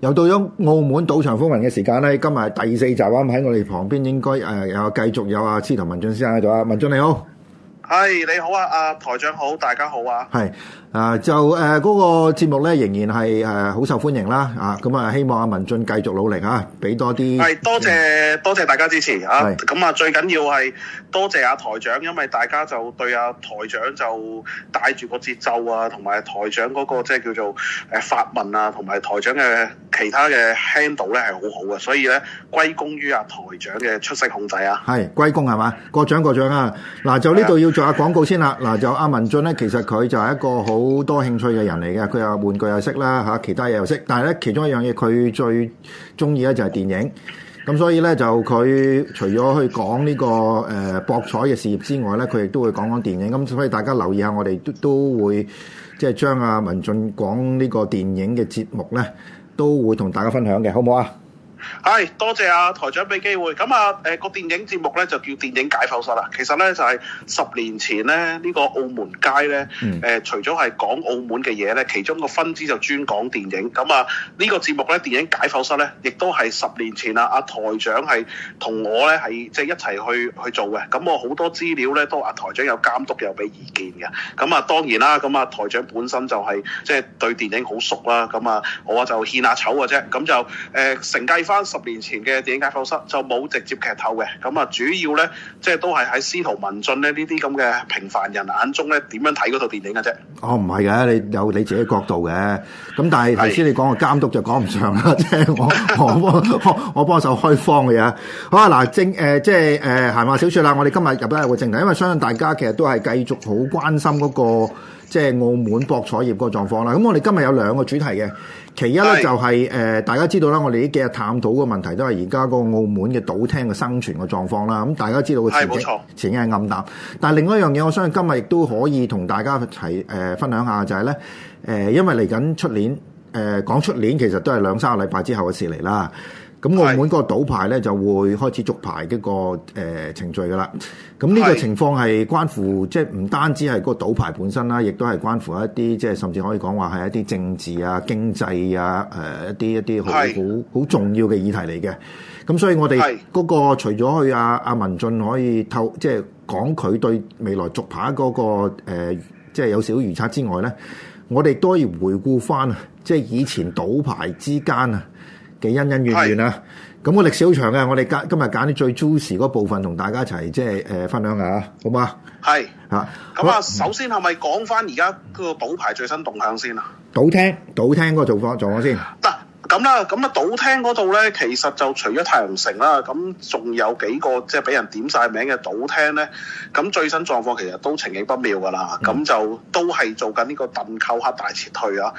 又到咗澳門賭場風雲嘅時間咧，今日第四集啦，咁喺我哋旁邊應該誒有繼續有阿司徒文進先生，喺度、啊，文進你好。係你好啊，阿台長好，大家好啊。係啊、呃，就誒、呃嗰個節目咧，仍然係誒好受歡迎啦。啊，咁啊，希望阿文進繼，繼續努力啊，俾多啲。係多謝多謝大家支持啊。咁是啊，最緊要係多謝阿、啊、台長，因為大家就對阿、啊、台長就帶住個節奏啊，同埋台長、嗰個即係叫做誒發問啊，同埋台長嘅其他嘅 handle 咧係好好嘅，所以咧歸功於阿、啊、台長嘅出色控制啊。係歸功係嘛，過獎過獎啊。嗱、啊啊，就呢度要做下廣告先啦。嗱，就阿文俊咧，其實佢就係一個好多興趣嘅人嚟嘅。佢又玩具又識啦嚇，其他嘢又識。但係咧，其中一樣嘢佢最鍾意咧就係電影咁，所以咧就佢除咗去講呢個誒博彩嘅事業之外咧，佢亦都會講講電影咁。所以大家留意下，我哋都都會即係將阿文俊講呢個電影嘅節目咧，都會同大家分享嘅，好唔好啊？係多謝阿、啊、台長俾機會，咁啊，誒、呃、個電影節目咧就叫電影解剖室啦。其實咧就係、是、十年前咧呢、這個澳門街咧，誒、呃、除咗係講澳門嘅嘢咧，其中個分支就專講電影。咁啊、這個、節呢個節目咧電影解剖室咧，亦都係十年前啦、啊。阿台長係同我咧係即係一齊去去做嘅。咁我好多資料咧都阿台長有監督有俾意見嘅。咁啊當然啦，咁啊台長本身就係即係對電影好熟啦。咁啊我就獻下醜嘅啫。咁就誒、呃、成翻十年前嘅電影解剖室就冇直接劇透嘅，咁啊主要咧即係都係喺司徒文進咧呢啲咁嘅平凡人眼中咧點樣睇嗰套電影嘅啫？哦，唔係嘅，你有你自己角度嘅，咁但係頭先你講嘅監督就講唔上啦，即係我我 我我，我幫手開荒嘅嘢。好啊，嗱，正誒、呃、即係誒閒話少説啦，我哋今日入咗入個正題，因為相信大家其實都係繼續好關心嗰、那個即係澳門博彩業個狀況啦。咁我哋今日有兩個主題嘅。其一咧就係、是、誒是、呃，大家知道啦，我哋呢幾日探討嘅問題都係而家個澳門嘅賭廳嘅生存嘅狀況啦。咁大家知道嘅前景，前景係暗淡。但係另外一樣嘢，我相信今日亦都可以同大家一齊誒分享下，就係咧誒，因為嚟緊出年誒講出年，呃、年其實都係兩三個禮拜之後嘅事嚟啦。咁澳門個賭牌咧就會開始續牌嘅個、呃、程序㗎啦。咁呢個情況係關乎是即係唔單止係個賭牌本身啦，亦都係關乎一啲即係甚至可以講話係一啲政治啊、經濟啊、誒、呃、一啲一啲好好好重要嘅議題嚟嘅。咁所以我哋嗰、那個是除咗去阿、啊、阿文進可以透即係講佢對未來續牌嗰、那個、呃、即係有少少預測之外咧，我哋都要回顧翻啊，即係以前賭牌之間啊，嘅恩恩怨，怨怨啊，咁是我歷史好長嘅。我哋今今日揀啲最 juicy 嗰部分同大家一齊即係誒分享下，好嗎？係嚇是。咁啊，啊嗯、首先係咪講翻而家個賭牌最新動向先啊？賭廳賭廳嗰個狀況狀況先。嗱、啊，咁啦，咁啊賭廳嗰度咧，其實就除咗太陽城啦、啊，咁仲有幾個即係俾人點晒名嘅賭廳咧，咁最新狀況其實都情景不妙噶啦，咁、嗯、就都係做緊呢個鄧寇克大撤退啊！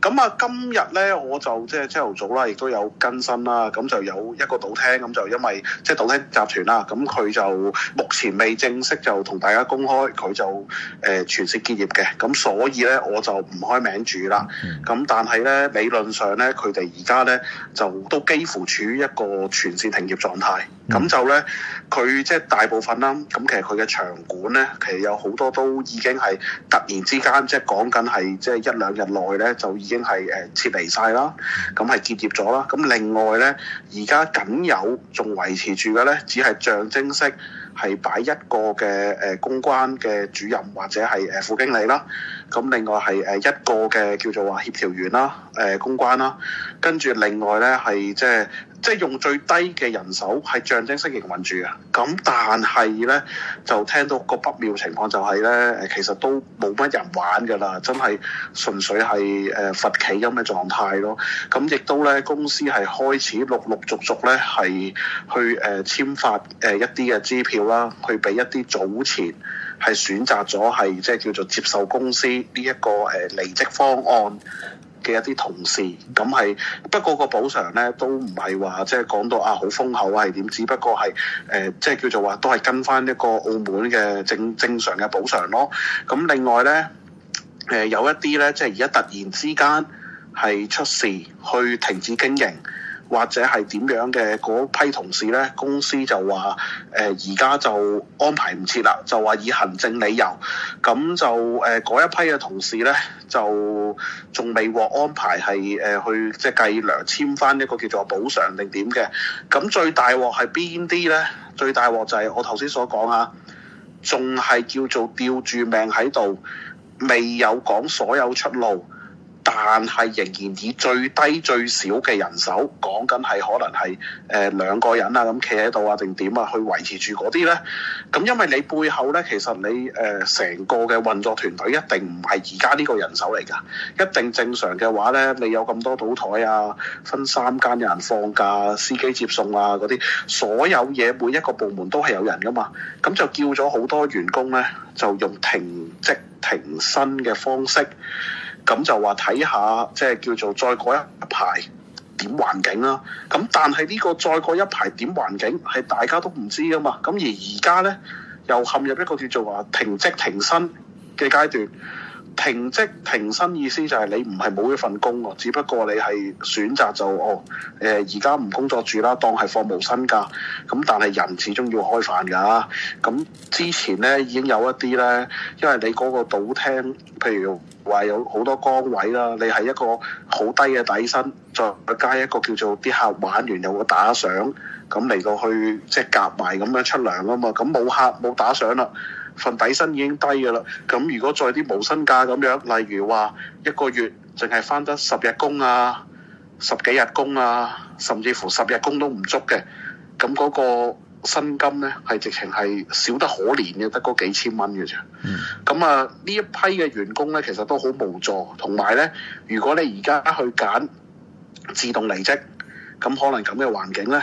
咁啊，今日咧我就即係朝頭早啦，亦都有更新啦。咁就有一個賭廳，咁就因為即係賭廳集團啦，咁佢就目前未正式就同大家公開，佢就誒、呃、全線結業嘅。咁所以咧，我就唔開名住啦。咁但係咧，理論上咧，佢哋而家咧就都幾乎處於一個全線停業狀態。咁就咧，佢即係大部分啦。咁其實佢嘅場館咧，其實有好多都已經係突然之間，即係講緊係即係一兩日內咧，就已經係誒撤離晒啦。咁係結業咗啦。咁另外咧，而家僅有仲維持住嘅咧，只係象徵式，係擺一個嘅誒、呃、公關嘅主任或者係誒、呃、副經理啦。咁另外係誒一個嘅叫做話協調員啦，誒、呃、公關啦。跟住另外咧係即係。是就是即係用最低嘅人手，係象徵式營運住嘅。咁但係咧，就聽到個不妙情況就係咧，誒其實都冇乜人玩㗎啦，真係純粹係誒罰企咁嘅狀態咯。咁亦都咧，公司係開始陸陸續續咧係去誒、呃、簽發誒一啲嘅支票啦，去俾一啲早前係選擇咗係即係叫做接受公司呢、這、一個誒、呃、離職方案。嘅一啲同事，咁係不過個補償咧都唔係話即係講到啊好豐厚啊係點，只不過係誒、呃、即係叫做話都係跟翻一個澳門嘅正正常嘅補償咯。咁另外咧，誒、呃、有一啲咧，即係而家突然之間，係出事去停止經營。或者係點樣嘅嗰批同事呢？公司就話：誒而家就安排唔切啦，就話以行政理由，咁就誒嗰、呃、一批嘅同事呢，就仲未獲安排係誒、呃、去即係計糧簽翻一個叫做補償定點嘅。咁最大鑊係邊啲呢？最大鑊就係我頭先所講啊，仲係叫做吊住命喺度，未有講所有出路。但係仍然以最低最少嘅人手，講緊係可能係誒兩個人啊咁企喺度啊，定點啊去維持住嗰啲呢。咁因為你背後呢，其實你誒成、呃、個嘅運作團隊一定唔係而家呢個人手嚟㗎。一定正常嘅話呢，你有咁多賭枱啊，分三間有人放假，司機接送啊嗰啲，所有嘢每一個部門都係有人㗎嘛。咁就叫咗好多員工呢，就用停職停薪嘅方式。咁就話睇下，即係叫做再過一排點環境啦。咁但係呢個再過一排點環境係大家都唔知㗎嘛。咁而而家呢，又陷入一個叫做話停職停薪嘅階段。停職停薪意思就係你唔係冇一份工喎，只不過你係選擇就哦而家唔工作住啦，當係放無薪假。咁但係人始終要開飯㗎。咁之前呢已經有一啲呢，因為你嗰個賭廳，譬如話有好多崗位啦，你係一個好低嘅底薪，再加一個叫做啲客玩完又會打賞。咁嚟到去即係夾埋咁樣出糧啦嘛，咁冇客冇打賞啦，份底薪已經低嘅啦。咁如果再啲冇薪假咁樣，例如話一個月淨係翻得十日工啊，十幾日工啊，甚至乎十日工都唔足嘅，咁嗰個薪金呢，係直情係少得可憐嘅，得嗰幾千蚊嘅啫。咁、嗯、啊，呢一批嘅員工呢，其實都好無助，同埋呢，如果你而家去揀自動離職，咁可能咁嘅環境呢。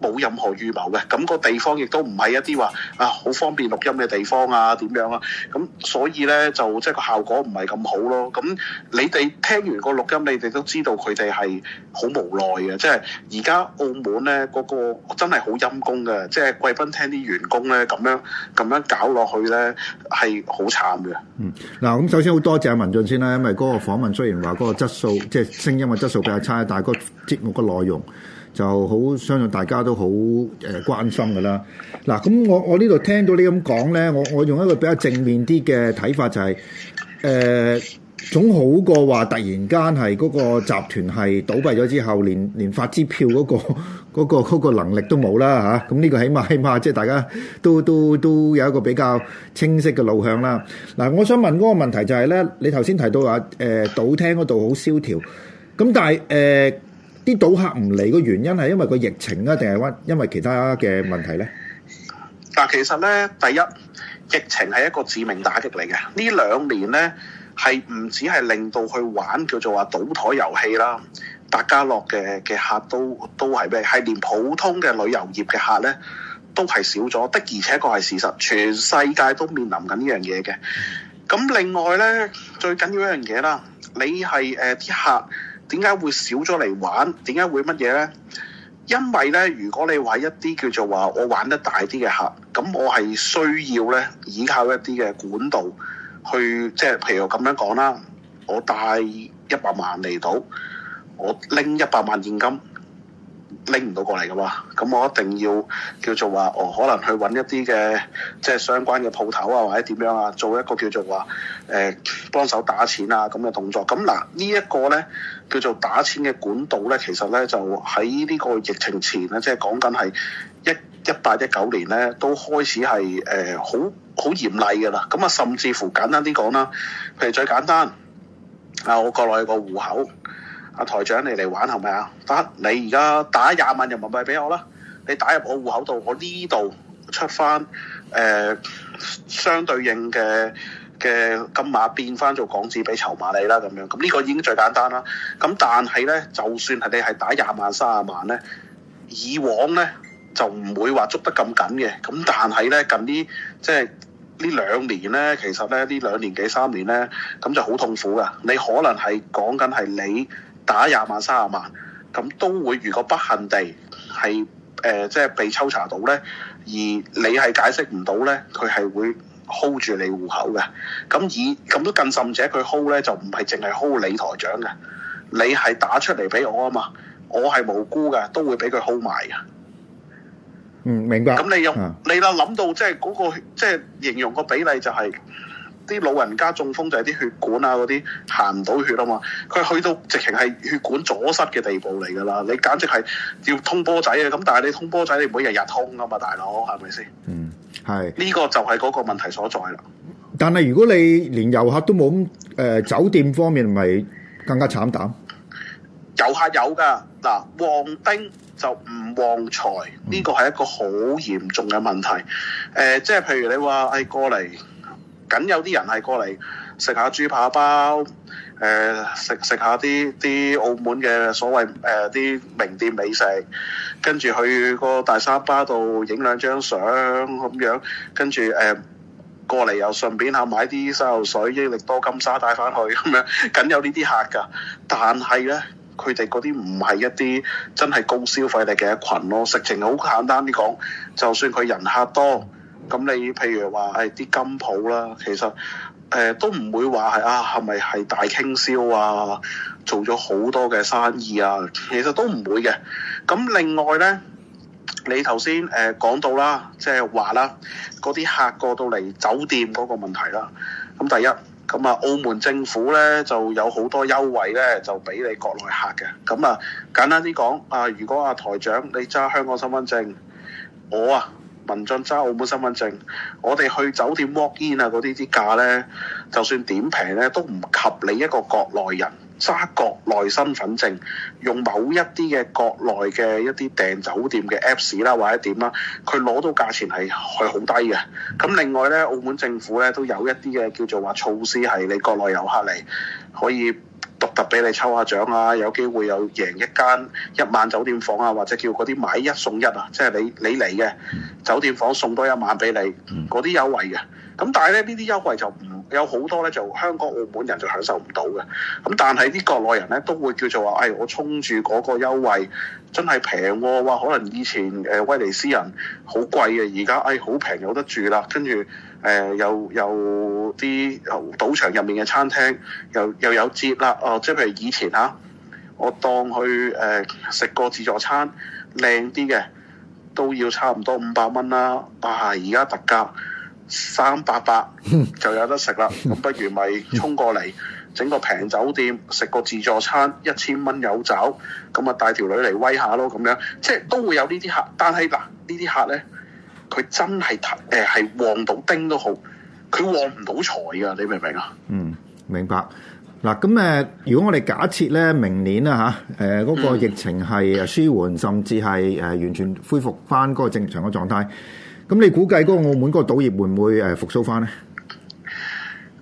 冇任何預謀嘅，咁個地方亦都唔係一啲話啊好方便錄音嘅地方啊點樣啊，咁所以咧就即係個效果唔係咁好咯。咁你哋聽完個錄音，你哋都知道佢哋係好無奈嘅，即係而家澳門咧嗰個真係好陰功嘅，即係貴賓廳啲員工咧咁樣咁樣搞落去咧係好慘嘅。嗯，嗱咁首先好多謝阿文進先啦，因為嗰個訪問雖然話嗰個質素即係聲音嘅質素比較差，但係個節目個內容。就好相信大家都好誒、呃、關心嘅啦。嗱、啊，咁我我呢度聽到你咁講咧，我我用一個比較正面啲嘅睇法就係、是、誒、呃、總好過話突然間係嗰個集團係倒閉咗之後，連連發支票嗰、那個嗰、 那個那個、能力都冇啦嚇。咁、啊、呢個起碼起碼即係大家都都都有一個比較清晰嘅路向啦。嗱、啊，我想問嗰個問題就係咧，你頭先提到話誒、呃、賭廳嗰度好蕭條，咁但係誒、呃啲賭客唔嚟嘅原因係因為個疫情啊，定係因為其他嘅問題呢？嗱，其實呢，第一疫情係一個致命打擊嚟嘅。呢兩年呢，係唔止係令到去玩叫做話賭台遊戲啦、百家樂嘅嘅客都都係咩？係連普通嘅旅遊業嘅客呢，都係少咗。的而且確係事實，全世界都面臨緊呢樣嘢嘅。咁另外呢，最緊要一樣嘢啦，你係誒啲客。點解會少咗嚟玩？點解會乜嘢呢？因為咧，如果你話一啲叫做話我玩得大啲嘅客，咁我係需要咧依靠一啲嘅管道去，即係譬如我咁樣講啦，我帶一百萬嚟到，我拎一百萬現金。拎唔到過嚟㗎嘛，咁我一定要叫做話，哦，可能去揾一啲嘅即係相關嘅鋪頭啊，或者點樣啊，做一個叫做話誒、呃、幫手打錢啊咁嘅動作。咁嗱呢一個呢，叫做打錢嘅管道呢，其實呢，就喺呢個疫情前呢，即係講緊係一一八一九年呢，都開始係誒好好嚴厲㗎啦。咁啊，甚至乎簡單啲講啦，譬如最簡單啊，我國內有個戶口。阿台長，你嚟玩係咪啊？得，你而家打廿萬人民幣俾我啦，你打入我戶口度，我呢度出翻，誒、呃、相對應嘅嘅金額變翻做港紙俾籌碼你啦，咁樣，咁呢個已經最簡單啦。咁但係咧，就算係你係打廿萬、三十萬咧，以往咧就唔會話捉得咁緊嘅。咁但係咧近呢，近即係呢兩年咧，其實咧呢兩年幾三年咧，咁就好痛苦噶。你可能係講緊係你。打廿萬、三十萬，咁都會，如果不幸地係誒、呃、即係被抽查到咧，而你係解釋唔到咧，佢係會 hold 住你戶口嘅。咁以咁都更甚者，佢 hold 咧就唔係淨係 hold 你台長嘅，你係打出嚟俾我啊嘛，我係無辜嘅，都會俾佢 hold 埋嘅。嗯，明白。咁你用、嗯、你啦諗到即係嗰、那個即係形容個比例就係、是。啲老人家中風就係啲血管啊嗰啲行唔到血啊嘛，佢去到直情係血管阻塞嘅地步嚟噶啦，你簡直係要通波仔啊！咁但係你通波仔，你唔會日日通啊嘛，大佬，係咪先？嗯，係。呢個就係嗰個問題所在啦。但係如果你連遊客都冇咁、呃，酒店方面咪更加慘淡。遊客有㗎嗱，旺丁就唔旺財，呢、這個係一個好嚴重嘅問題。誒、嗯呃，即係譬如你話誒、哎、過嚟。僅有啲人係過嚟食下豬扒包，誒食食下啲啲澳門嘅所謂誒啲、呃、名店美食，跟住去個大三巴度影兩張相咁樣，跟住誒、呃、過嚟又順便下買啲沙律水、益力多、金沙帶翻去咁樣，僅有呢啲客㗎。但係咧，佢哋嗰啲唔係一啲真係高消費力嘅一羣咯。食情好簡單啲講，就算佢人客多。咁你譬如話誒啲金鋪啦，其實誒、呃、都唔會話係啊，係咪係大傾銷啊？做咗好多嘅生意啊，其實都唔會嘅。咁另外咧，你頭先誒講到啦，即係話啦，嗰啲客過到嚟酒店嗰個問題啦。咁第一，咁啊，澳門政府咧就有好多優惠咧，就俾你國內客嘅。咁啊，簡單啲講啊，如果阿、啊、台長你揸香港身份證，我啊～文進揸澳門身份證，我哋去酒店 walk in 啊嗰啲啲價咧，就算點平咧都唔及你一個國內人揸國內身份證用某一啲嘅國內嘅一啲訂酒店嘅 Apps 啦，或者點啦，佢攞到價錢係係好低嘅。咁另外咧，澳門政府咧都有一啲嘅叫做話措施係你國內遊客嚟可以。獨特俾你抽下獎啊！有機會有贏一間一晚酒店房啊，或者叫嗰啲買一送一啊，即係你你嚟嘅酒店房送多一晚俾你，嗰啲優惠嘅。咁但係咧呢啲優惠就唔有好多咧，就香港澳門人就享受唔到嘅。咁但係啲國內人咧都會叫做話，誒、哎、我沖住嗰個優惠真係平喎！哇，可能以前誒、呃、威尼斯人好貴嘅、啊，而家誒好平有得住啦，跟住。誒又、呃、有啲賭場入面嘅餐廳又又有折啦！哦、呃，即係譬如以前嚇、啊，我當去誒食、呃、個自助餐靚啲嘅都要差唔多五百蚊啦，但係而家特價三百八，就有得食啦。咁 不如咪衝過嚟整個平酒店，食個自助餐，一千蚊有酒。咁啊帶條女嚟威下咯咁樣，即係都會有呢啲客。但係嗱，呃、呢啲客咧。佢真係誒，係、呃、旺到丁都好，佢旺唔到財噶，你明唔明啊？嗯，明白。嗱，咁、呃、誒，如果我哋假設咧，明年啊，吓、呃，誒、那、嗰個疫情係舒緩，甚至係誒、呃、完全恢復翻嗰個正常嘅狀態，咁你估計嗰個澳門嗰個賭業會唔會誒復甦翻咧？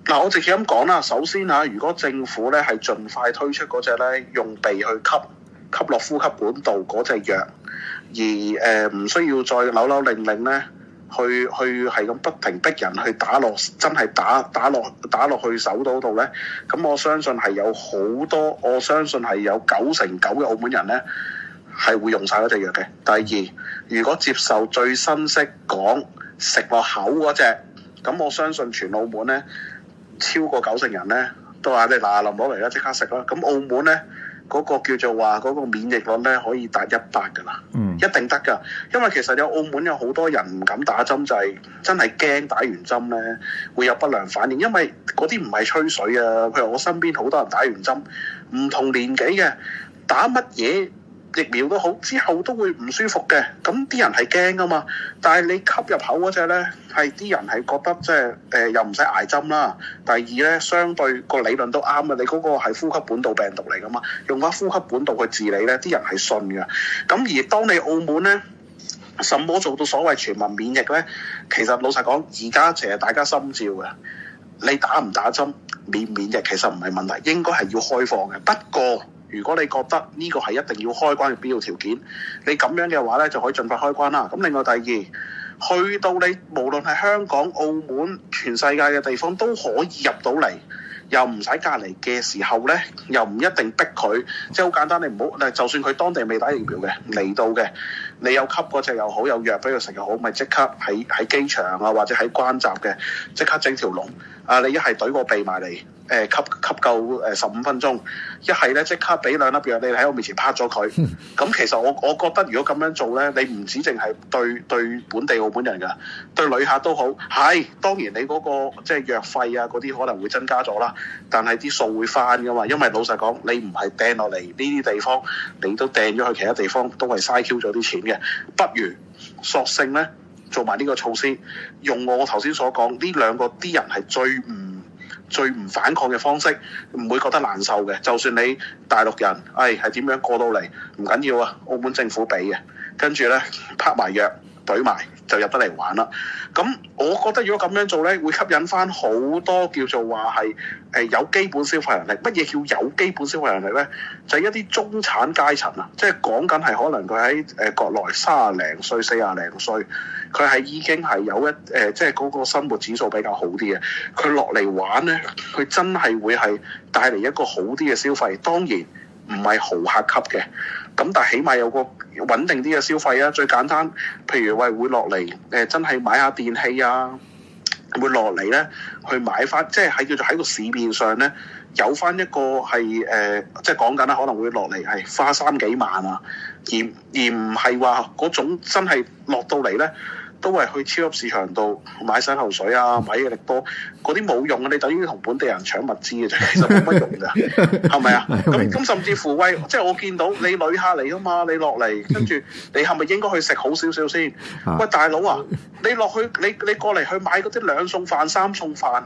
嗱、呃，我直接咁講啦，首先吓、啊，如果政府咧係盡快推出嗰隻咧，用鼻去吸吸落呼吸管道嗰隻藥。而誒唔、呃、需要再扭扭令令咧，去去係咁不停逼人去打落，真係打打落打落去手度度咧。咁我相信係有好多，我相信係有九成九嘅澳門人咧，係會用晒嗰隻藥嘅。第二，如果接受最新式講食落口嗰隻，咁我相信全澳門咧超過九成人咧都話：「咧，嗱臨攞嚟啦，即刻食啦。」咁澳門咧。嗰個叫做話嗰個免疫率咧，可以達一百㗎啦，一定得㗎，因為其實有澳門有好多人唔敢打針就係真係驚打完針咧會有不良反應，因為嗰啲唔係吹水啊，譬如我身邊好多人打完針，唔同年紀嘅打乜嘢疫苗都好，之後都會唔舒服嘅，咁啲人係驚啊嘛。但係你吸入口嗰隻咧，係啲人係覺得即係誒又唔使挨針啦。第二咧，相對個理論都啱啊。你嗰個係呼吸管道病毒嚟噶嘛，用翻呼吸管道去治理咧，啲人係信嘅。咁而當你澳門咧，甚至做到所謂全民免疫咧？其實老實講，而家其實大家心照嘅，你打唔打針免唔免疫其實唔係問題，應該係要開放嘅。不過如果你覺得呢個係一定要開關嘅必要條件，你咁樣嘅話呢，就可以盡快開關啦。咁另外第二，去到你無論係香港、澳門、全世界嘅地方都可以入到嚟，又唔使隔離嘅時候呢，又唔一定逼佢。即係好簡單，你唔好，就算佢當地未打疫苗嘅嚟到嘅，你有吸嗰隻又好，有藥俾佢食又好，咪即刻喺喺機場啊或者喺關閘嘅，即刻整條龍。啊，你一係懟個鼻埋嚟。誒、呃、吸吸夠誒、呃、十五分鐘，一係咧即刻俾兩粒藥，你喺我面前啪咗佢。咁、嗯、其實我我覺得如果咁樣做咧，你唔止淨係對對本地澳門人㗎，對旅客都好。係當然你嗰、嗰個即係藥費啊嗰啲可能會增加咗啦，但係啲數會翻㗎嘛。因為老實講，你唔係掟落嚟呢啲地方，你都掟咗去其他地方，都係嘥 Q 咗啲錢嘅。不如索性咧做埋呢個措施，用我頭先所講呢兩個啲人係最唔。最唔反抗嘅方式，唔會覺得難受嘅。就算你大陸人，唉、哎，係點樣過到嚟，唔緊要啊。澳門政府俾嘅，跟住咧，拍埋藥。對埋就入得嚟玩啦，咁我覺得如果咁樣做咧，會吸引翻好多叫做話係誒有基本消費能力。乜嘢叫有基本消費能力咧？就係一啲中產階層啊，即係講緊係可能佢喺誒國內卅啊零歲四啊零歲，佢係已經係有一誒，即係嗰個生活指數比較好啲嘅。佢落嚟玩咧，佢真係會係帶嚟一個好啲嘅消費。當然。唔係豪客級嘅，咁但係起碼有個穩定啲嘅消費啊！最簡單，譬如喂，會落嚟，誒真係買下電器啊，會落嚟咧去買翻，即係喺叫做喺個市面上咧有翻一個係誒、呃，即係講緊啦，可能會落嚟係花三幾萬啊，而而唔係話嗰種真係落到嚟咧。都係去超級市場度買洗頭水啊，買嘢力多嗰啲冇用啊！你等於同本地人搶物資嘅啫，其實冇乜用㗎，係咪 啊？咁咁 甚至乎喂，即係我見到你旅客嚟啊嘛，你落嚟跟住你係咪應該去食好少少先？ 喂，大佬啊，你落去你你過嚟去買嗰啲兩餸飯三餸飯，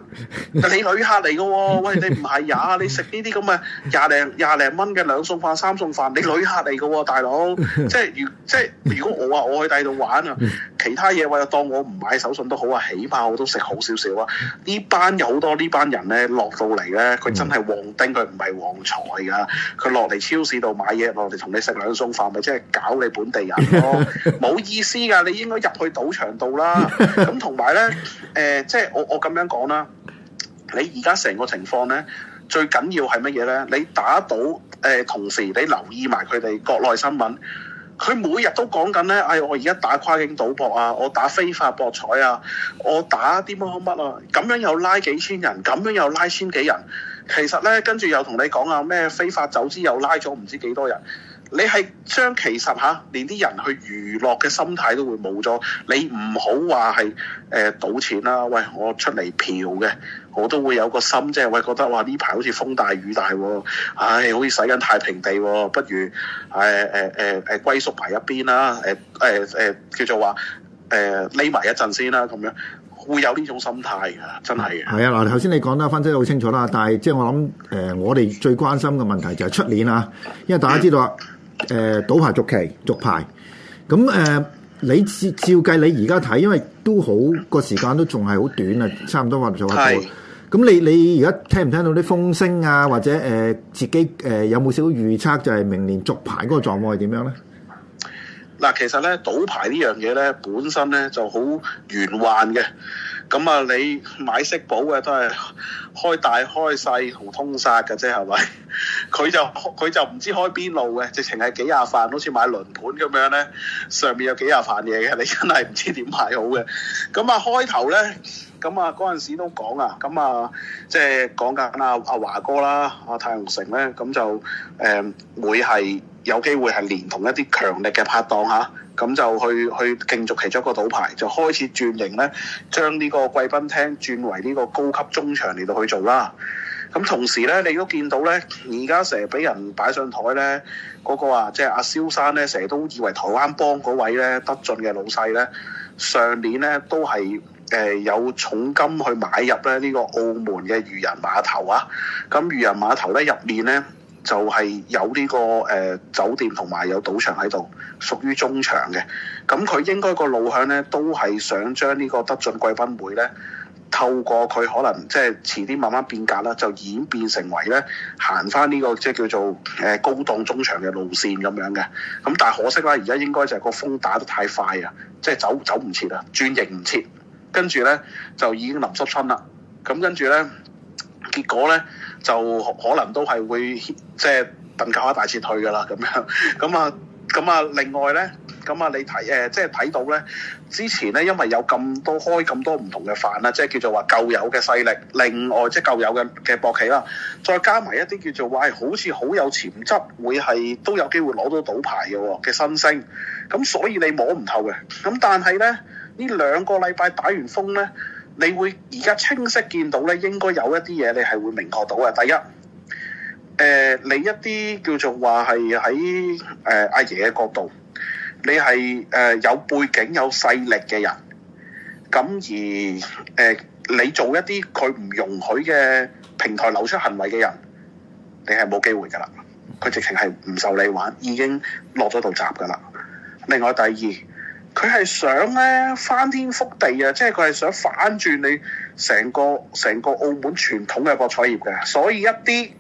你旅客嚟㗎喎？喂，你唔係呀？你食呢啲咁嘅廿零廿零蚊嘅兩餸飯三餸飯，你旅客嚟㗎喎，大佬！即係如即係如果我話、啊、我去第二度玩啊，其他嘢。 或者當我唔買手信都好啊，起碼我都食好少少啊！呢班有好多呢班人咧，落到嚟咧，佢真係旺丁，佢唔係旺財噶，佢落嚟超市度買嘢，落嚟同你食兩餸飯，咪即係搞你本地人咯，冇 意思噶！你應該入去賭場度啦。咁同埋咧，誒、呃，即係我我咁樣講啦，你而家成個情況咧，最緊要係乜嘢咧？你打賭誒、呃，同時你留意埋佢哋國內新聞。佢每日都講緊呢，誒、哎、我而家打跨境賭博啊，我打非法博彩啊，我打啲乜乜乜啊，咁樣又拉幾千人，咁樣又拉千幾人，其實呢，跟住又同你講啊咩非法走私又拉咗唔知幾多人。你係將其實嚇、啊，連啲人去娛樂嘅心態都會冇咗。你唔好話係誒賭錢啦、啊，喂，我出嚟嫖嘅，我都會有個心，即係喂覺得哇呢排好似風大雨大、啊，唉、哎，好似洗緊太平地、啊，不如誒誒誒誒歸縮埋一邊啦，誒誒誒叫做話誒匿埋一陣先啦、啊，咁樣會有呢種心態嘅、啊，真係嘅。係啊、嗯，嗱頭先你講得分析得好清楚啦，但係即係我諗誒、呃，我哋最關心嘅問題就係出年啊，因為大家知道啊、嗯。誒，賭牌、呃、續期續牌，咁、嗯、誒、呃，你照照計，你而家睇，因為都好個時間都仲係好短啊，差唔多話唔錯咁。你你而家聽唔聽到啲風聲啊？或者誒、呃，自己誒、呃、有冇少預測，就係明年續牌嗰個狀況係點樣咧？嗱，其實咧賭牌呢樣嘢咧，本身咧就好玄幻嘅。咁啊，你買色寶嘅都係開大開細同通殺嘅啫，係咪？佢 就佢就唔知開邊路嘅，直情係幾廿份，好似買輪盤咁樣咧。上面有幾廿份嘢嘅，你真係唔知點買好嘅。咁啊，開頭咧，咁啊嗰陣時都講啊，咁、就是、啊即係講緊啊阿華哥啦，阿、啊、太陽城咧，咁就誒、嗯、會係。有機會係連同一啲強力嘅拍檔嚇，咁、啊、就去去競逐其中一個賭牌，就開始轉型咧，將呢個貴賓廳轉為呢個高級中場嚟到去做啦。咁、啊、同時咧，你都見到咧，而家成日俾人擺上台咧，嗰、那個、就是、啊，即係阿蕭生咧，成日都以為台灣幫嗰位咧，德晉嘅老細咧，上年咧都係誒、呃、有重金去買入咧呢、這個澳門嘅漁人碼頭啊。咁、啊、漁人碼頭咧入面咧。就係有呢、這個誒、呃、酒店同埋有賭場喺度，屬於中場嘅。咁佢應該個路向咧，都係想將呢個德進貴賓會咧，透過佢可能即係遲啲慢慢變革啦，就演變成為咧行翻呢、這個即係叫做誒高檔中場嘅路線咁樣嘅。咁但係可惜啦，而家應該就係個風打得太快啊，即係走走唔切啊，轉型唔切，跟住咧就已經臨失春啦。咁跟住咧，結果咧。就可能都係會即係頓間一大撤退噶啦，咁樣咁啊，咁啊，另外咧，咁啊，你睇誒、呃，即係睇到咧，之前咧，因為有咁多開咁多唔同嘅飯啦，即係叫做話舊有嘅勢力，另外即係舊有嘅嘅博企啦，再加埋一啲叫做話好似好有潛質，會係都有機會攞到賭牌嘅嘅、哦、新星，咁所以你摸唔透嘅，咁但係咧呢兩個禮拜打完風咧。你會而家清晰見到咧，應該有一啲嘢你係會明確到嘅。第一，誒、呃、你一啲叫做話係喺誒阿爺嘅角度，你係誒、呃、有背景有勢力嘅人，咁而誒、呃、你做一啲佢唔容許嘅平台流出行為嘅人，你係冇機會噶啦，佢直情係唔受你玩，已經落咗度閘噶啦。另外第二。佢係想咧翻天覆地啊！即係佢係想反轉你成個成個澳門傳統嘅博彩業嘅，所以一啲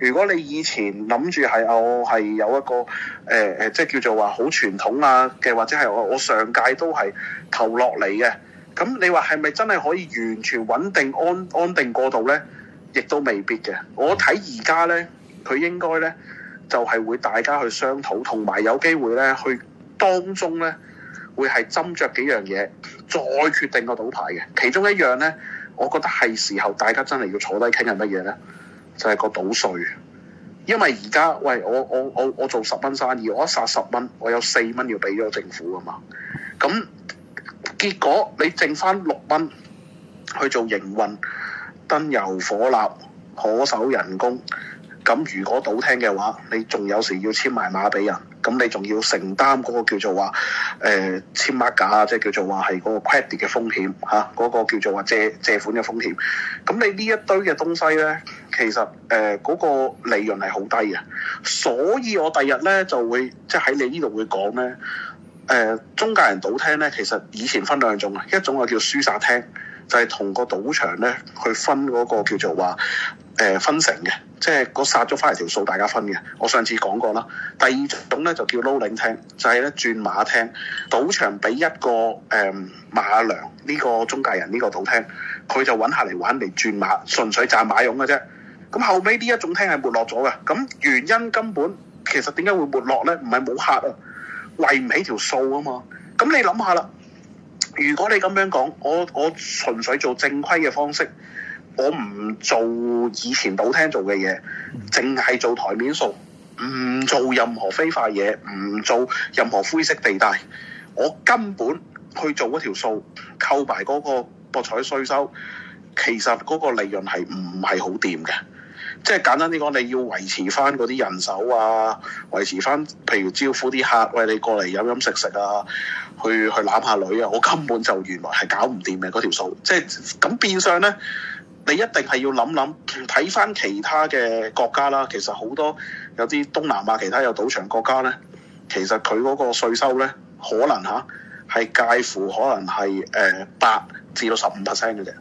如果你以前諗住係我係有一個誒誒、呃，即係叫做話好傳統啊嘅，或者係我我上屆都係投落嚟嘅，咁你話係咪真係可以完全穩定安安定過渡咧？亦都未必嘅。我睇而家咧，佢應該咧就係、是、會大家去商討，同埋有，有機會咧去當中咧。會係斟酌幾樣嘢，再決定個賭牌嘅其中一樣呢，我覺得係時候大家真係要坐低傾緊乜嘢呢？就係個賭稅，因為而家，喂，我我我，我做十蚊生意，我一殺十蚊，我有四蚊要俾咗政府啊嘛。咁結果你剩返六蚊去做營運，燈油火蠟，可守人工。咁如果賭廳嘅話，你仲有時要簽埋碼俾人，咁你仲要承擔嗰個叫做話，誒簽碼㗎啊，即係叫做話係嗰個 credit 嘅風險嚇，嗰個叫做話借借款嘅風險。咁你呢一堆嘅東西咧，其實誒嗰、呃那個利潤係好低嘅，所以我第日咧就會即係喺你呢度會講咧，誒、呃、中介人賭廳咧，其實以前分兩種啊，一種啊叫輸殺廳，就係、是、同個賭場咧去分嗰個叫做話。誒、呃、分成嘅，即係個殺咗翻嚟條數大家分嘅。我上次講過啦。第二種咧就叫 rolling 廳，就係咧轉馬廳，賭場俾一個誒、呃、馬娘呢、呢個中介人呢、呢個賭廳，佢就揾下嚟玩嚟轉馬，純粹賺馬傭嘅啫。咁後尾呢一種廳係沒落咗嘅。咁原因根本其實點解會沒落咧？唔係冇客啊，維唔起條數啊嘛。咁你諗下啦，如果你咁樣講，我我純粹做正規嘅方式。我唔做以前賭廳做嘅嘢，淨係做台面數，唔做任何非法嘢，唔做任何灰色地帶。我根本去做嗰條數，扣埋嗰個博彩稅收，其實嗰個利潤係唔係好掂嘅？即係簡單啲講，你要維持翻嗰啲人手啊，維持翻譬如招呼啲客，喂，你過嚟飲飲食食啊，去去攬下女啊，我根本就原來係搞唔掂嘅嗰條數。即係咁變相呢。你一定係要諗諗，睇翻其他嘅國家啦。其實好多有啲東南亞其他有賭場國家咧，其實佢嗰個稅收咧，可能吓係介乎可能係誒八至到十五 percent 嘅啫。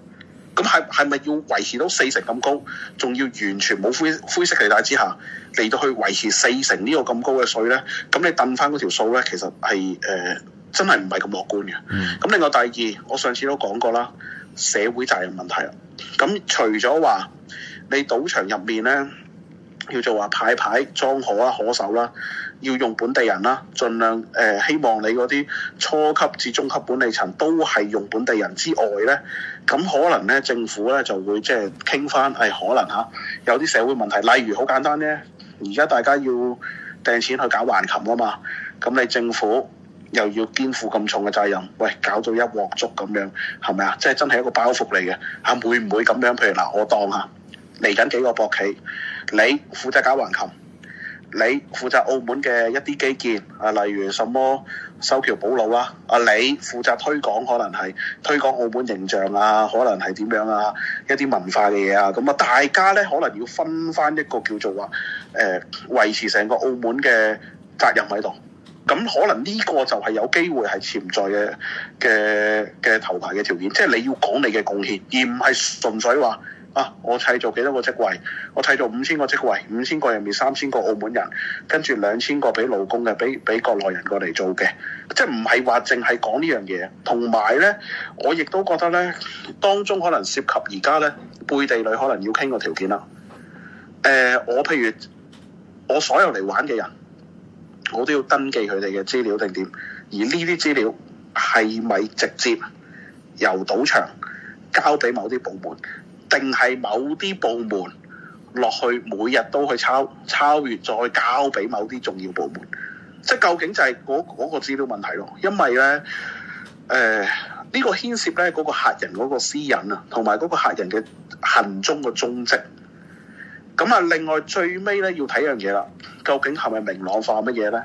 咁係係咪要維持到四成咁高，仲要完全冇灰灰色地帶之下嚟到去維持四成呢個咁高嘅稅咧？咁你掟翻嗰條數咧，其實係誒、呃、真係唔係咁樂觀嘅。咁、mm. 另外第二，我上次都講過啦。社會責任問題啦，咁除咗話你賭場入面咧，叫做話派牌、裝賀啦、可手啦，要用本地人啦，儘量誒、呃、希望你嗰啲初級至中級管理層都係用本地人之外咧，咁可能咧政府咧就會即係傾翻，係、哎、可能嚇、啊、有啲社會問題，例如好簡單咧，而家大家要掟錢去搞橫琴啊嘛，咁你政府，又要肩負咁重嘅責任，喂，搞到一鑊粥咁樣，係咪啊？即係真係一個包袱嚟嘅嚇，會唔會咁樣？譬如嗱，我當下嚟緊幾個博企，你負責搞橫琴，你負責澳門嘅一啲基建啊，例如什麼修橋補路啦，啊，你負責推廣，可能係推廣澳門形象啊，可能係點樣啊，一啲文化嘅嘢啊，咁啊，大家咧可能要分翻一個叫做話誒、呃、維持成個澳門嘅責任喺度。咁可能呢個就係有機會係潛在嘅嘅嘅頭牌嘅條件，即係你要講你嘅貢獻，而唔係純粹話啊，我製造幾多個職位，我製造五千個職位，五千個入面三千個澳門人，跟住兩千個俾勞工嘅，俾俾國內人過嚟做嘅，即係唔係話淨係講呢樣嘢。同埋咧，我亦都覺得咧，當中可能涉及而家咧背地裏可能要傾個條件啦。誒、呃，我譬如我所有嚟玩嘅人。我都要登記佢哋嘅資料定點，而呢啲資料係咪直接由賭場交俾某啲部門，定係某啲部門落去每日都去抄，抄完再交俾某啲重要部門？即究竟就係嗰嗰個資料問題咯，因為咧誒呢個牽涉咧嗰個客人嗰個私隱啊，同埋嗰個客人嘅行蹤個蹤跡。咁啊，另外最尾咧要睇樣嘢啦，究竟係咪明朗化乜嘢咧？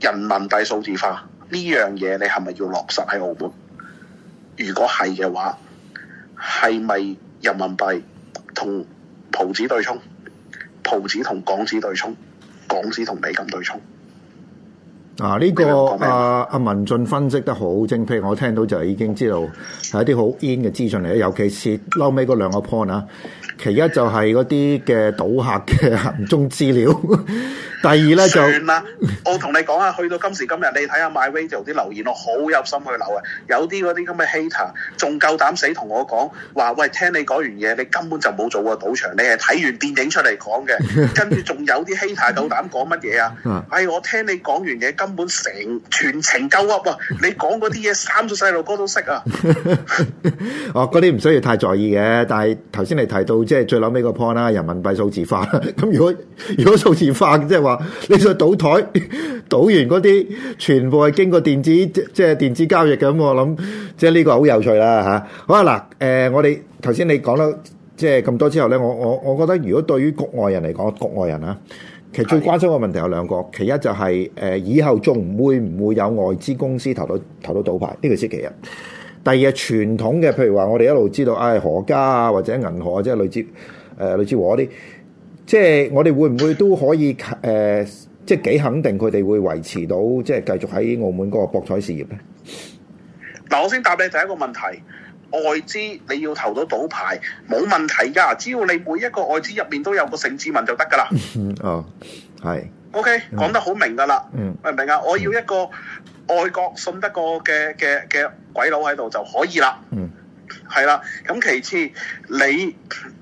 人民幣數字化呢樣嘢，你係咪要落實喺澳門？如果係嘅話，係咪人民幣同葡紙對沖，葡紙同港紙對沖，港紙同美金對沖？啊！呢、這個阿阿、啊、文進分析得好精辟，我聽到就已經知道係一啲好 in 嘅資訊嚟，尤其是嬲尾嗰兩個 point 啊，其一就係嗰啲嘅賭客嘅行蹤資料。 第二呢就，算啦了， 我同你講啊，去到今時今日，你睇下 My Radio 啲留言，我好有心去留嘅。有啲嗰啲咁嘅 hater，仲夠膽死同我講，話，喂，聽你講完嘢，你根本就冇做過賭場，你係睇完電影出嚟講嘅。跟住仲有啲 hater 夠膽講乜嘢啊？唉、 哎，我聽你講完嘢，根本成全程夠噏啊！你講嗰啲嘢，三歲細路哥都識啊！ 哦，嗰啲唔需要太在意嘅。但係頭先你提到即係最孻尾個 point 啦，人民幣數字化。咁 如果如果數字化，即係話。 你再賭台，賭完嗰啲全部係經過電子即係電子交易嘅，咁我諗即係呢個好有趣啦吓、啊。好啊嗱，誒、呃，我哋頭先你講啦，即係咁多之後咧，我我我覺得如果對於局外人嚟講，局外人啊，其實最關心嘅問題有兩個，其一就係、是、誒、呃、以後仲會唔會有外資公司投到投到賭牌呢、這個星期日；第二係傳統嘅，譬如話我哋一路知道，誒、哎，何家啊或者銀河啊，即係類似誒、呃、類似我啲。即係我哋會唔會都可以誒、呃，即係幾肯定佢哋會維持到即係繼續喺澳門嗰個博彩事業咧？嗱，我先答你第一個問題，外資你要投到賭牌冇問題噶，只要你每一個外資入面都有個盛智文就得噶啦。嗯 哦，係是。O K，講得好明噶啦。嗯，明唔明啊？我要一個外國信得過嘅嘅嘅鬼佬喺度就可以啦。嗯，係啦。咁其次，你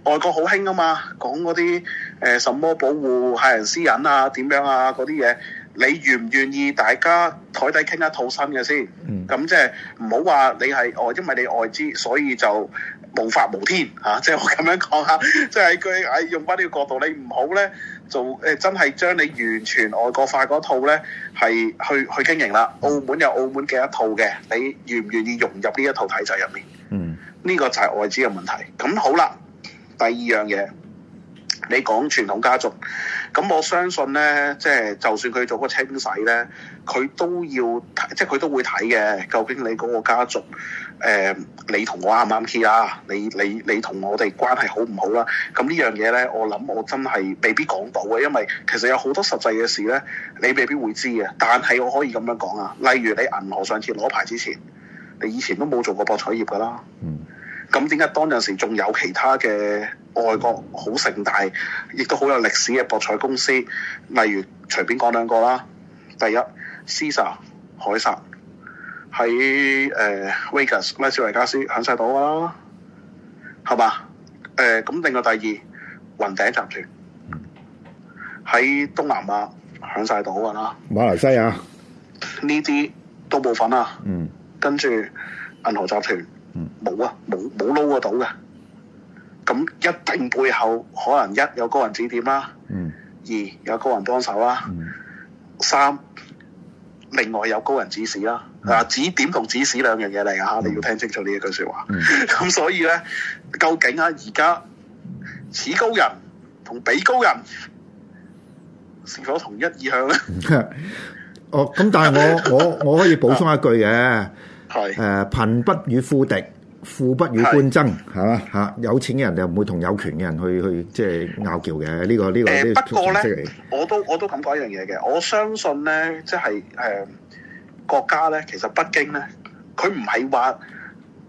外國好興啊嘛，講嗰啲。誒什麼保護客人私隱啊？點樣啊？嗰啲嘢，你願唔願意大家台底傾一套新嘅先？嗯，咁即係唔好話你係外，因為你外資，所以就無法無天嚇。即、啊、係、就是、我咁樣講下，即係句用翻呢個角度，你唔好咧，就誒、呃、真係將你完全外國化嗰套咧，係去去經營啦。澳門有澳門嘅一套嘅，你願唔願意融入呢一套體制入面？嗯，呢個就係外資嘅問題。咁好啦，第二樣嘢。你講傳統家族，咁我相信呢，即係就算佢做個清洗呢，佢都要，即係佢都會睇嘅。究竟你嗰個家族，誒、呃，你同我啱唔啱 key 啊？你你你同我哋關係好唔好啦？咁呢樣嘢呢，我諗我真係未必講到嘅，因為其實有好多實際嘅事呢，你未必會知嘅。但係我可以咁樣講啊，例如你銀河上次攞牌之前，你以前都冇做過博彩業噶啦。咁點解當陣時仲有其他嘅外國好盛大，亦都好有歷史嘅博彩公司？例如隨便講兩個啦，第一 Cesar 海薩喺誒 Vegas、呃、拉斯維加斯響晒度啊？係嘛？誒咁、呃、另外第二雲頂集團喺東南亞響晒度噶啦，馬來西亞呢啲都冇份啦、啊，嗯，跟住銀河集團。冇啊，冇冇撈過到嘅，咁一定背後可能一有高人指點啦，嗯、二有高人幫手啦，嗯、三另外有高人指示啦。啊、嗯，指點同指使兩樣嘢嚟啊，嗯、你要聽清楚呢一句說話。咁、嗯嗯、所以咧，究竟啊而家此高人同彼高人是否同一意向咧？ 哦，咁但係我我我可以補充一句嘅。 係誒是、呃、貧不與富敵，富不與官爭，係嘛嚇？有錢嘅人就唔會同有權嘅人去去即係拗撬嘅。呢、呢個呢、呢個、呃、是不過咧是，我都我都咁講一樣嘢嘅。我相信咧，即係誒國家咧，其實北京咧，佢唔係話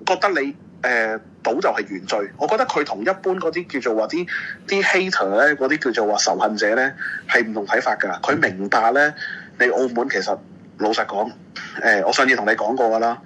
覺得你誒賭、呃、就係原罪。我覺得佢同一般嗰啲叫做話啲啲 hater 咧，嗰啲叫做話仇恨者咧，係唔同睇法㗎。佢明白咧，你澳門其實。老實講，誒、欸，我上次同你講過噶啦，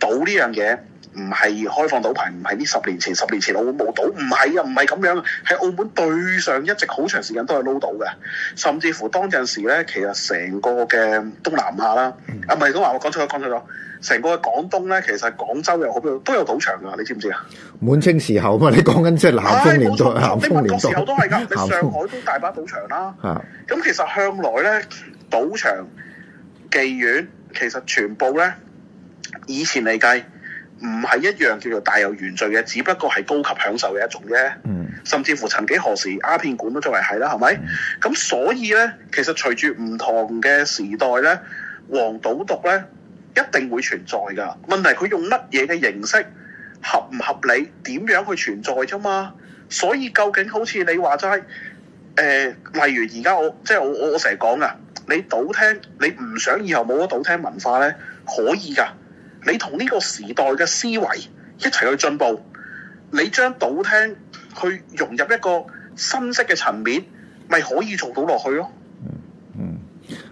賭呢樣嘢唔係開放賭牌，唔係呢十年前、十年前澳門冇賭，唔係啊，唔係咁樣，喺澳門對上一直好長時間都係撈賭嘅，甚至乎當陣時咧，其實成個嘅東南亞啦，嗯、啊，唔係東南亞，我講錯咗，講錯咗，成個廣東咧，其實廣州又好都有賭場噶，你知唔知啊？滿清時候嘛，你講緊即係咸豐年代，咸豐年代都係噶，你上海都大把賭場啦。咁其實向來咧賭場。妓院其實全部咧，以前嚟計唔係一樣叫做大有原罪嘅，只不過係高級享受嘅一種啫。嗯，甚至乎曾幾何時，鴉片館都作為係啦，係咪？咁所以咧，其實隨住唔同嘅時代咧，黃賭毒咧一定會存在㗎。問題，佢用乜嘢嘅形式合唔合理？點樣去存在啫嘛？所以究竟好似你話齋，誒、呃，例如而家我即係我我成日講㗎。你賭廳，你唔想以後冇咗賭廳文化咧，可以噶。你同呢個時代嘅思維一齊去進步，你將賭廳去融入一個新式嘅層面，咪可以做到落去咯。嗯，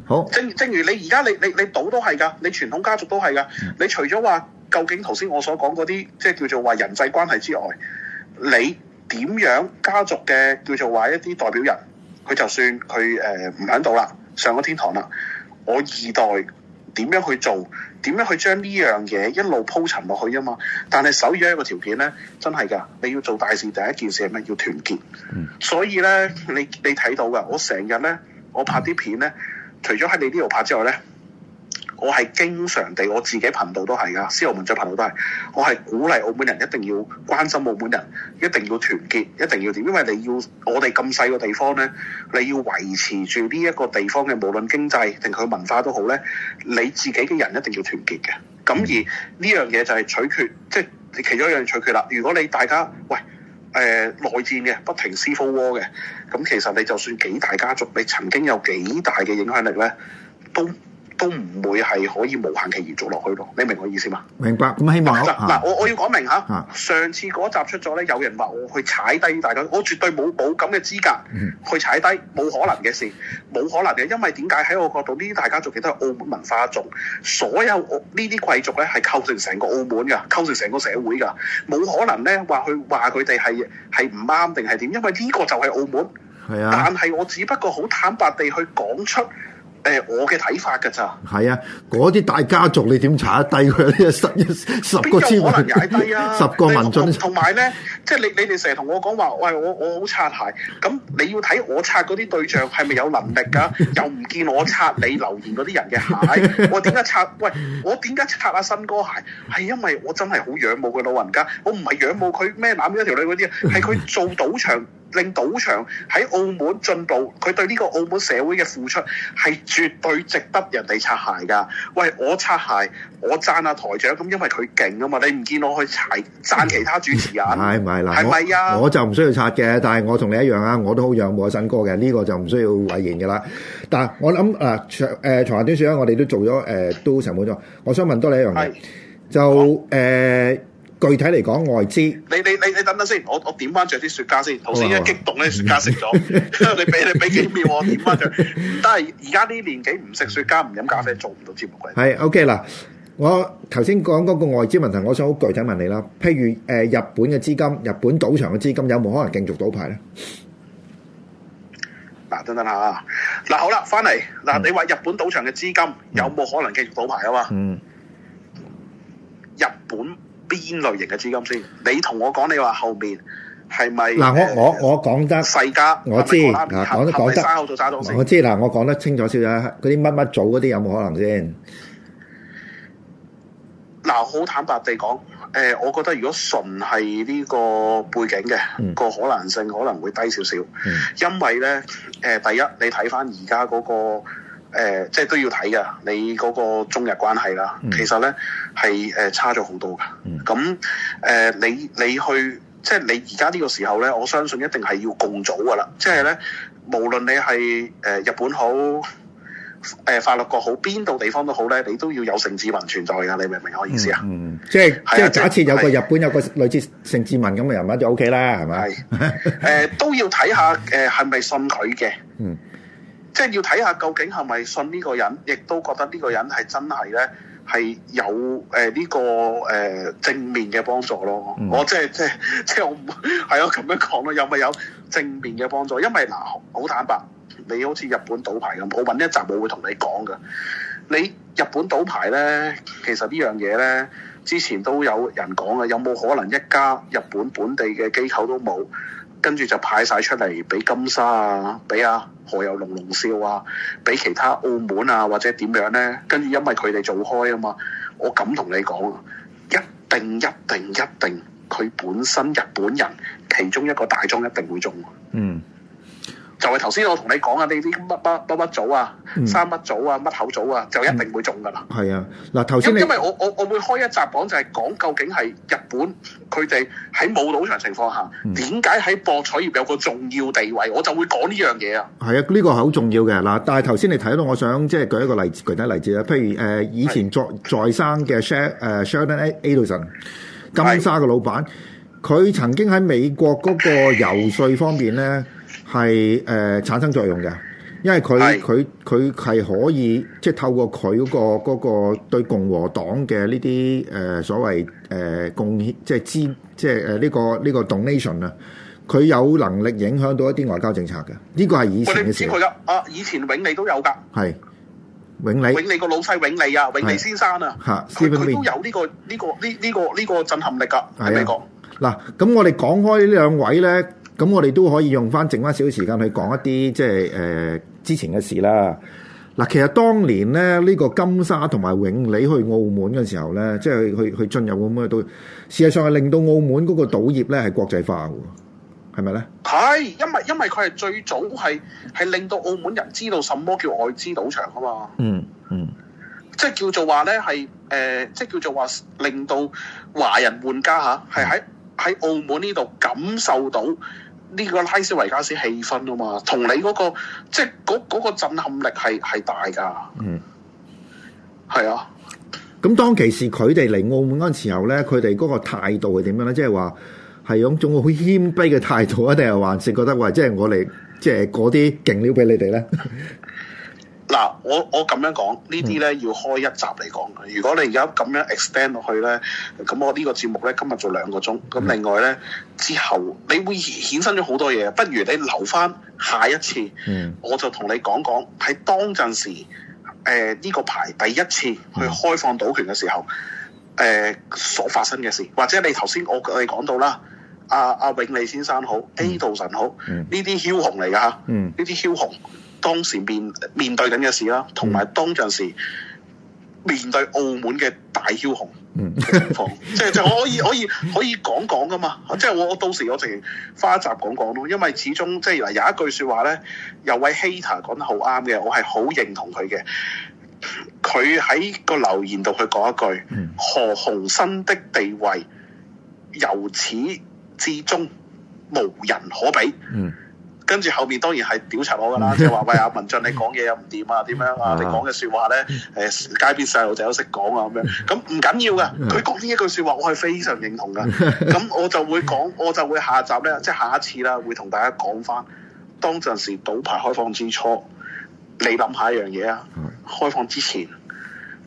好。正正如你而家你你你，你賭都係噶，你傳統家族都係噶。你除咗話，究竟頭先我所講嗰啲，即係叫做話人際關係之外，你點樣家族嘅叫做話一啲代表人，佢就算佢誒唔喺度啦？呃上咗天堂啦！我二代點樣去做？點樣去將呢樣嘢一路鋪陳落去啊嘛？但係首要一個條件咧，真係㗎，你要做大事，第一件事係咩？要團結。嗯、所以咧，你你睇到㗎，我成日咧，我拍啲片咧，除咗喺你呢度拍之外咧。我係經常地，我自己頻道都係噶，係《澳門街》頻道都係。我係鼓勵澳門人一定要關心澳門人，一定要團結，一定要點，因為你要我哋咁細個地方呢，你要維持住呢一個地方嘅無論經濟定佢文化都好呢，你自己嘅人一定要團結嘅。咁而呢樣嘢就係取決，即係其中一樣取決啦。如果你大家喂誒、呃、內戰嘅，不停撕鋒鍋嘅，咁其實你就算幾大家族，你曾經有幾大嘅影響力呢都～都唔會係可以無限期延續落去咯，你明我意思嘛？明白。咁希望嗱、啊啊，我我要講明吓。啊、上次嗰集出咗咧，有人話我去踩低大家，我絕對冇冇咁嘅資格去踩低，冇可能嘅事，冇可能嘅，因為點解喺我角度呢啲大家族其實係澳門文化族，所有呢啲貴族咧係構成成個澳門噶，構成成個社會噶，冇可能咧話去話佢哋係係唔啱定係點，因為呢個就係澳門。係啊。但係我只不過好坦白地去講出。誒、呃，我嘅睇法㗎咋？係 啊，嗰啲大家族你點踩低佢？十十個之外，十個民進，同埋咧，即係你你哋成日同我講話，喂，我我好擦鞋。咁你要睇我擦嗰啲對象係咪有能力㗎？ 又唔見我擦你留言嗰啲人嘅鞋。我點解擦？喂，我點解擦下新哥鞋？係因為我真係好仰慕佢老人家。我唔係仰慕佢咩攬咗條女嗰啲，係佢做賭場。令賭場喺澳門進步，佢對呢個澳門社會嘅付出係絕對值得人哋擦鞋噶。喂，我擦鞋，我讚下、啊、台長，咁因為佢勁啊嘛。你唔見我去踩讚其他主持人？係唔係嗱？係咪呀？我就唔需要擦嘅，但係我同你一樣啊，我都好仰慕阿新哥嘅，呢、這個就唔需要諱言嘅啦。但係我諗啊、呃，長誒長話短説咧，我哋都做咗誒、呃、都成本咗。我想問多你一樣嘢， 就誒。呃具體嚟講，外資。你你你你等等先，我我點翻著啲雪茄先。頭先一激動，啲雪茄食咗。你俾你俾幾秒我點翻著。但係而家呢年紀唔食雪茄唔飲咖啡，做唔到節目嘅。係 OK 啦。我頭先講嗰個外資問題，我想好具體問你啦。譬如誒，日本嘅資金，日本賭場嘅資金，有冇可能競逐賭牌咧？嗱等等下啊！嗱好啦，翻嚟嗱，你話日本賭場嘅資金有冇可能競逐賭牌啊？嘛，嗯，日本。邊類型嘅資金先？你同我講，你話後面係咪？嗱、啊，我我我講得細家我，我知，講得講得，我知嗱，我講得清楚少少，嗰啲乜乜組嗰啲有冇可能先？嗱、啊，好坦白地講，誒、呃，我覺得如果純係呢個背景嘅個、嗯、可能性可能會低少少，嗯、因為咧，誒、呃，第一你睇返而家嗰個。誒、呃，即係都要睇噶，你嗰個中日關係啦，其實咧係誒差咗好多噶。咁誒、嗯呃，你你去即係你而家呢個時候咧，我相信一定係要共組噶啦。即係咧，無論你係誒、呃、日本好，誒、呃、法律國好，邊度地方都好咧，你都要有盛智文存在噶。你明唔明我意思啊、嗯？嗯，即係、啊、即係假設有個日本有個類似盛智文咁嘅人物就 O K 啦，係咪？係、呃、都要睇下誒，係咪信佢嘅？嗯。即係要睇下究竟係咪信呢個人，亦都覺得呢個人係真係咧，係有誒呢、呃這個誒、呃、正面嘅幫助咯。嗯、我即係即係即係我係我咁樣講咯，有咪有正面嘅幫助？因為嗱，好、呃、坦白，你好似日本賭牌咁，我揾一集我會同你講噶。你日本賭牌咧，其實呢樣嘢咧，之前都有人講啊，有冇可能一家日本本地嘅機構都冇？跟住就派晒出嚟俾金沙啊，俾阿何猷龍龍少啊，俾其他澳門啊或者點樣呢？跟住因為佢哋做開啊嘛，我噉同你講一定一定一定，佢本身日本人其中一個大莊一定會中啊。嗯。就係頭先我同你講啊，呢啲乜乜乜乜組啊，三乜、嗯、組啊，乜口組啊，就一定會中㗎啦。係啊，嗱頭先因因為我我我會開一集講就係講究竟係日本佢哋喺冇賭場情況下點解喺博彩業有個重要地位，我就會講呢樣嘢啊。係啊，呢、呢個係好重要嘅嗱、啊。但係頭先你睇到，我想即係、就係、舉一個例子，具體例子、呃、s her, 啊。譬如誒以前再在生嘅 Share 誒 Sheldon Adelson 金沙嘅老闆，佢、啊、曾經喺美國嗰個遊説方面咧。係誒，產生作用嘅，因為佢佢佢係可以，即係透過佢嗰個嗰個對共和黨嘅呢啲誒所謂誒貢獻，即係資，即係誒呢個呢個 donation 啊，佢有能力影響到一啲外交政策嘅。呢個係以前嘅事。佢啊，以前永利都有噶，係永利永利個老細永利啊，永利先生啊，吓佢都有呢個呢個呢呢個呢個震撼力噶喺美國。嗱，咁我哋講開呢兩位咧。咁我哋都可以用翻剩翻少少時間去講一啲即係誒、呃、之前嘅事啦。嗱，其實當年咧呢、呢個金沙同埋永利去澳門嘅時候咧，即係去去去進入咁嘅度，事實上係令到澳門嗰個賭業咧係國際化嘅，係咪咧？係，因為因為佢係最早係係令到澳門人知道什麼叫外資賭場啊嘛。嗯嗯，嗯即係叫做話咧係誒，即係叫做話令到華人玩家嚇係喺喺澳門呢度感受到。呢個拉斯維加斯氣氛啊嘛，同你嗰、嗰個即係嗰、嗰個嗰個震撼力係係大噶，啊、嗯，係啊。咁當其時佢哋嚟澳門嗰陣時候咧，佢哋嗰個態度係點樣咧？即係話係一種好謙卑嘅態度啊，定係還是覺得話即係我嚟即係嗰啲勁料俾你哋咧？ 嗱，我我咁樣講，呢啲咧要開一集嚟講。如果你而家咁樣 extend 落去咧，咁我呢個節目咧今日做兩個鐘。咁另外咧，之後你會衍生咗好多嘢，不如你留翻下一次，嗯、我就同你講講喺當陣時，誒、呃、呢、這個排第一次去開放賭權嘅時候，誒、呃、所發生嘅事。或者你頭先我我講到啦，阿阿榮利先生好，A 道神好，呢啲翹紅嚟嘅嚇，呢啲翹紅。嗯當時面面對緊嘅事啦，同埋、嗯、當陣時面對澳門嘅大梟雄嘅情況，嗯、 即係即我可以可以可以講講噶嘛，即係我到時我直花一集講講咯，因為始終即係有一句説話咧，有位 hater 講得好啱嘅，我係好認同佢嘅。佢喺個留言度去講一句，嗯、何鴻燊的地位由始至終無人可比。嗯跟住後，後面當然係調查我噶啦，即係話喂阿文俊，你講嘢又唔掂啊？點樣啊？你講嘅説話咧，誒街邊細路仔都識講啊，咁樣咁唔緊要噶。佢講呢一句説話，我係非常認同噶。咁我就會講，我就會下集咧，即係下一次啦，會同大家講翻當陣時，賭牌開放之初，你諗下一樣嘢啊。開放之前，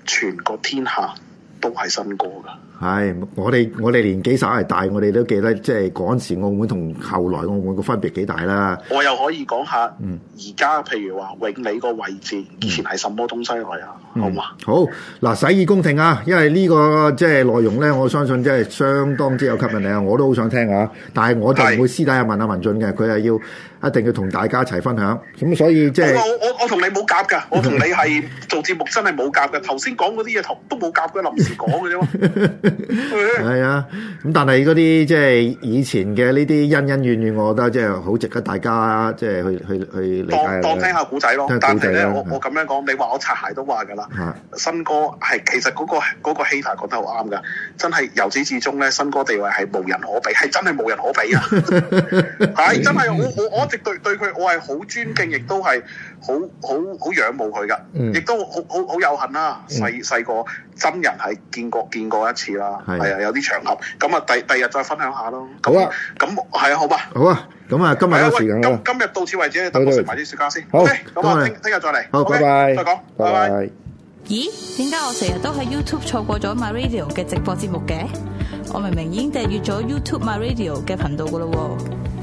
全國天下都係新歌噶。係、哎，我哋我哋年紀稍係大，我哋都記得即係嗰陣時澳門同後來澳門個分別幾大啦。我又可以講下，嗯，而家譬如話永利個位置以前係什麼東西我啊？嗯、好嗱嗎，洗耳恭聽啊，因為呢、這個即係、就是、內容咧，我相信即係相當之有吸引力啊，我都好想聽啊。但係我就唔會私底下問下、啊、是文俊嘅，佢係要。一定要同大家一齊分享，咁、嗯、所以即、就、係、是、我我我同你冇夾㗎，我同你係 做節目真係冇夾㗎。頭先講嗰啲嘢同都冇夾㗎，臨時講嘅啫喎。 哎、啊，咁但係嗰啲即係以前嘅呢啲恩恩怨怨，我覺得即係好值得大家即係去去去。去去當當聽下古仔咯。咯但係咧、嗯，我我咁樣講，你話我擦鞋都話㗎啦。啊、新哥係其實嗰、那個嗰、那個 hater 講得好啱㗎，真係由始至終咧，新哥地位係無人可比，係真係無人可比啊！係真係我我我。對對佢，我係好尊敬，亦都係好好好仰慕佢噶，亦都好好好有幸啦。細細個真人係見過見過一次啦，係啊，有啲場合。咁啊，第第日再分享下咯。好啊，咁係啊，好吧，好啊，咁啊，今日今日到此為止，等我食埋啲雪茄先。OK，咁我聽日再嚟。好，拜拜。講，拜拜。咦？點解我成日都喺 YouTube 錯過咗 My Radio 嘅直播節目嘅？我明明已經訂閱咗 YouTube My Radio 嘅頻道噶啦。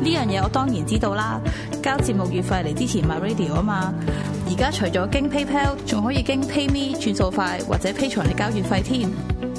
呢樣嘢我當然知道啦，交節目月費嚟之前 MyRadio 啊嘛。而家除咗經 PayPal，仲可以經 PayMe 轉數快或者 Patreon 嚟交月費添。